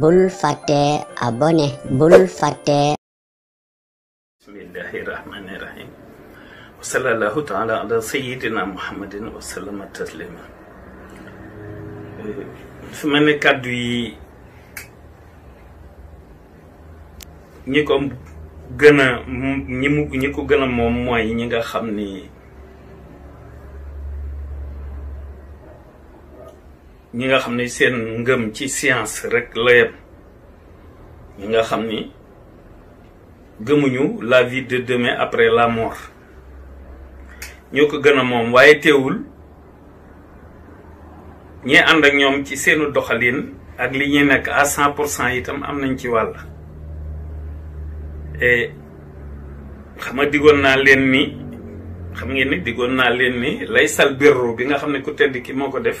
bul fàtte abonné bul fàtte bismillahi rahmani rahim wa sallallahu taala ala sayidina muhammadin wa sallama taslima eh, su ma ne kàddu yi ñi ko gën a ko gën moom mooy ñi nga xam ni ñi nga xam ni seen ngëm ci science rek la yem ñi nga xam ni gëmuñu la vie de demain après la mort ñoo ko gën a moom waaye teewul ñi ànd ak ñoom ci seenu doxalin ak li ñuy nekk à cent pour cent itam am nañ ci wàll et xam nga diggoon naa leen ni xam ngeen ni diggoon naa leen ni lay sal birru bi nga xam ne ku tedd ki moo ko def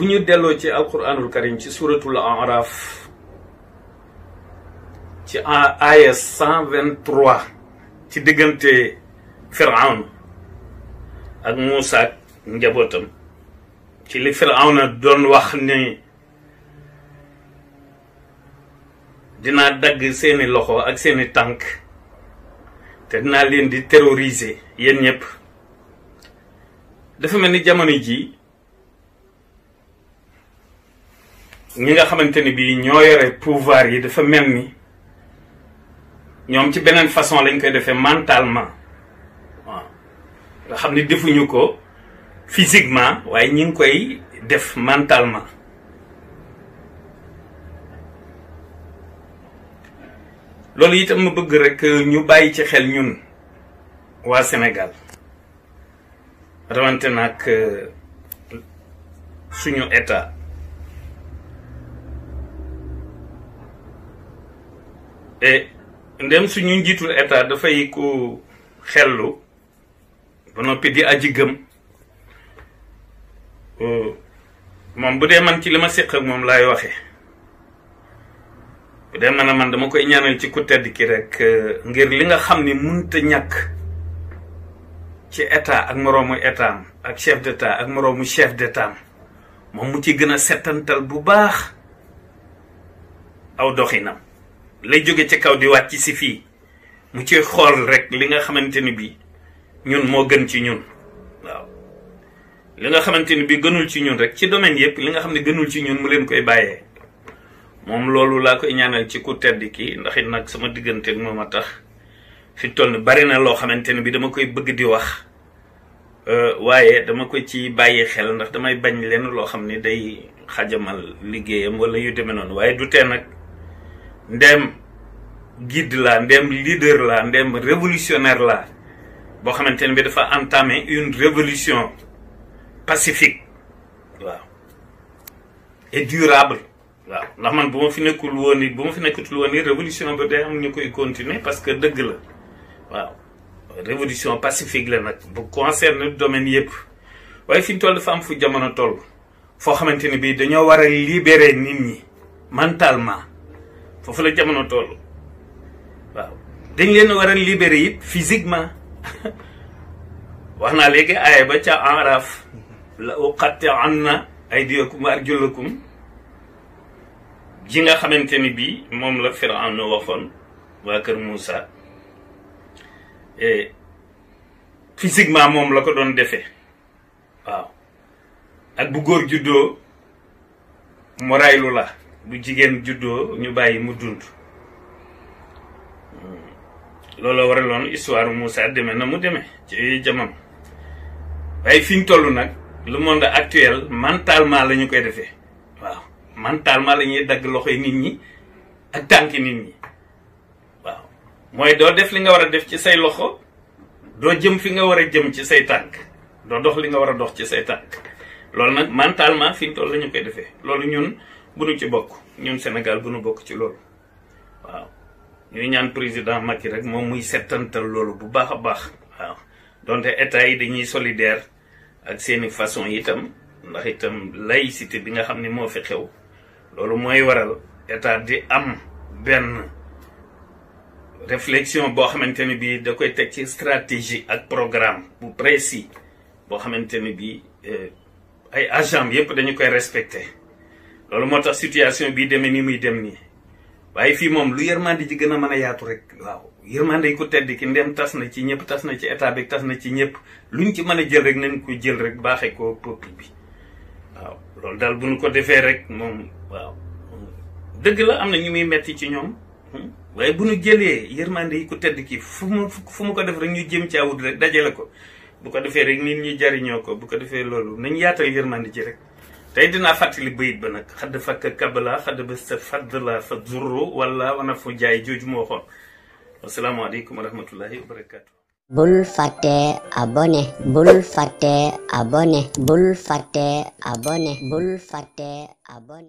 bu ñu delloo ci alquranul karim ci en araf ci aaya cent vingt-trois ci diggante firawn ak Muusa njabootam ci li firawna doon wax ni dinaa dagg seeni loxo ak seeni tànk te dinaa leen di terroriser yéen ñëpp dafa mel ni jamono ji ñi nga xamante ni bii ñoo yore pouvoir yi dafa mel ni ñoom ci beneen façon lañ koy defee mentalement waaw nga xam ni defuñu ko physiquement waaye ñi ngi koy def mentalement loolu itam ma bëgg rek euh, ñu bàyyi ci xel ñun waa Sénégal rawante nag euh, suñu état Eh, ndem suñu njiitul état dafay ko xellu ba noppi di aji gëm eh, moom bu dee man ci li ma séq ak moom laay waxe bu dee man a man dama koy ñaanal ci ku tedd ki rek eh, ngir li nga xam ni mënta ñàkk ci état ak moroomu état am ak chef d'état ak moroomu chef d'état am moom mu ci gën a settantal bu baax aw doxinam la joge ci kaw di wàcc si fii mu ci xool rek li nga xamante ni bi ñun moo gën ci ñun waaw li nga xamante bi gënul ci ñun rek ci domaine yépp li nga xam ne gënul ci ñun mu leen koy bàyyee moom loolu laa koy ñaanal ci ku tedd ki ndax it nag sama diggante moom a tax fi toll ni bari na loo xamante bi dama koy bëgg di wax euh, waaye dama ko ci bàyyi xel ndax damay bañ leen loo xam day xajamal liggéeyam wala yu demee noonu waaye du nag ndem guide la ndem leader la ndem révolutionnaire la boo xamante ne bi dafa entamer une révolution pacifique waaw et durable waaw ndax man bu ma fi nekkul woon ni bu ma fi nekkatul woon ni révolution ba day am ñu koy continuer parce que dëgg la waaw révolution pacifique la nag bu concerne domaine yëpp waaye fi ñu dafa am fu jamono toll foo xamante ne bii dañoo war a libérer nit ñi mentalement foofu la jamono toll waaw dañ leen war a libérer it physiquement wax naa léegi aaya ba ca Araf la uqatti'anna aydiyakum wa arjulakum ji nga xamante ni bii moom la Firawna waxoon waa kër Moussa e, physiquement moom la ko doon defe waaw ak bu góor juddoo mu la bu jigéen juddoo ñu bàyyi mu dund looloo waraloon histoire Moussa demee na mu deme ci jamono waaye fi ñu toll nag le monde actuel mentalement la koy defee waaw mentalement la dagg loxo yi nit ñi ak tànki nit ñi waaw mooy doo def li nga war a def ci say loxo doo jëm fi nga war a jëm ci say tànk doo dox li nga war a dox ci say tànk loolu nag mentalement fi ñu toll la ñu koy defee loolu ñun. bunu ci bokk ñun Sénégal bu bokk ci loolu waaw ñuy ñaan président Macky rek moom muy settantal loolu bu baax a baax waaw donte état yi dañuy solidaire ak seeni façon itam ndax itam laïcité bi nga xam ne moo fi xew loolu mooy waral état di am benn réflexion boo xamante ne bii da koy teg ci stratégie ak programme bu précis boo xamante ne bii euh, ay agents yépp dañu koy respecté loolu moo tax situation bii demee ni muy dem nii waaye fii moom lu yërmande ji gën a mën a yaatu rek waaw yërmande yi ko tedd ki ndem tas na ci ñëpp tas na ci état bi tas na ci ñëpp luñ ci mën a jël rek nañ ko jël rek baaxee ko peuple bi waaw loolu daal bu ñu ko defee rek moom waaw dëgg la am na ñu muy metti ci ñoom hmm? waaye bu nu jëlee yërmande yi ko tedd ki fu mu fu mu ko def rek ñu jëm ci awut dajale ko bu ko defee rek nit ñi jariñoo ko bu ko defee loolu nañ yaatal yërmande ji rek tey dinaa fàttali bayit ba nag xadd fakk kabala xadd ba sa fadd la fa zurru wala wana fu jaay jooju moo xoon asalaamaaleykum wa wa barakaatu. bul fàtte abonné bul